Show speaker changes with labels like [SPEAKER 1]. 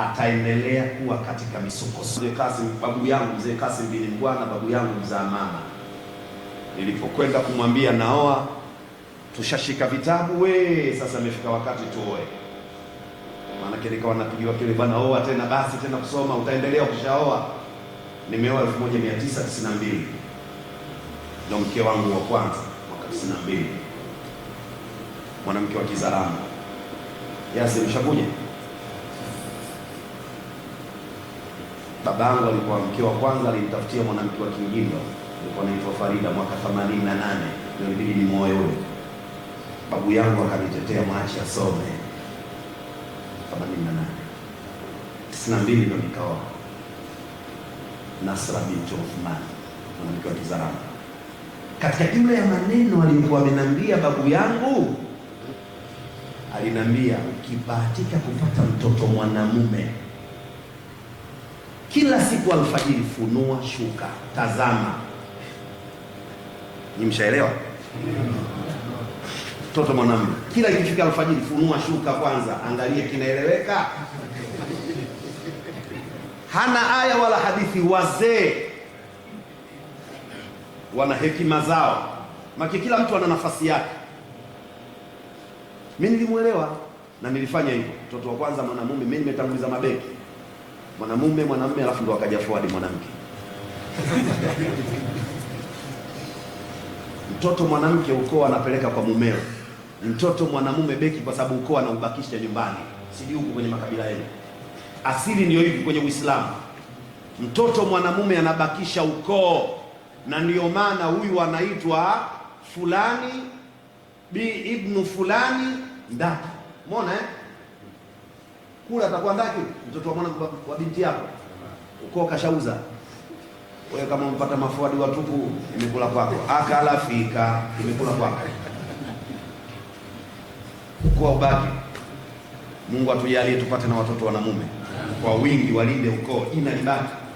[SPEAKER 1] ataendelea kuwa katika misukosuko. Mzee Kasim, babu yangu mzee Kasim bin Mbwana, babu yangu mzaa mama, nilipokwenda kumwambia naoa, tushashika vitabu we, sasa imefika wakati tuoe, maanake nikawa napigiwa kile bwana, oa tena basi tena kusoma utaendelea, ukishaoa. Nimeoa 1992 ndio mke wangu wa kwanza mwaka 92, mwanamke wa Kizaramo. Yasi, mshakuja babangu alikuwa mke wa kwanza, alimtafutia mwanamke wa kingindo alikuwa anaitwa Farida, mwaka 88 ndio ilibidi ni moyo ule. Babu yangu akanitetea, mwache asome 88, 92 ndio nikaoa Nasra binti Uthman, mwanamke wa Kizaramo. Katika jumla ya maneno aliyokuwa amenambia babu yangu, alinambia ukibahatika kupata mtoto mwanamume kila siku alfajiri, funua shuka, tazama. Ni mshaelewa mtoto mwanamume, kila ikifika alfajiri, funua shuka kwanza, angalia kinaeleweka. Hana aya wala hadithi. Wazee wana hekima zao, maki kila mtu ana nafasi yake. Mimi nilimwelewa na nilifanya hivyo. Mtoto wa kwanza mwanamume, mimi nimetanguliza mabeki mwanamume mwanamume, alafu ndo akaja forward mwanamke mtoto mwanamke ukoo anapeleka kwa mumeo, mtoto mwanamume beki, kwa sababu ukoo anaubakisha nyumbani. Sijui huko kwenye makabila yenu asili ndiyo hivi. Kwenye Uislamu mtoto mwanamume anabakisha ukoo, na ndiyo maana huyu anaitwa fulani bi ibnu fulani ndaki, umeona eh? kula atakuwa ndaki mtoto wa mwana wa binti yako, ukoo kashauza wewe. Kama umpata mafuadi watupu, imekula kwako, akala fika, imekula kwako, ukoo ubaki. Mungu atujalie tupate na watoto wanamume kwa wingi, walinde ukoo, ina libaki.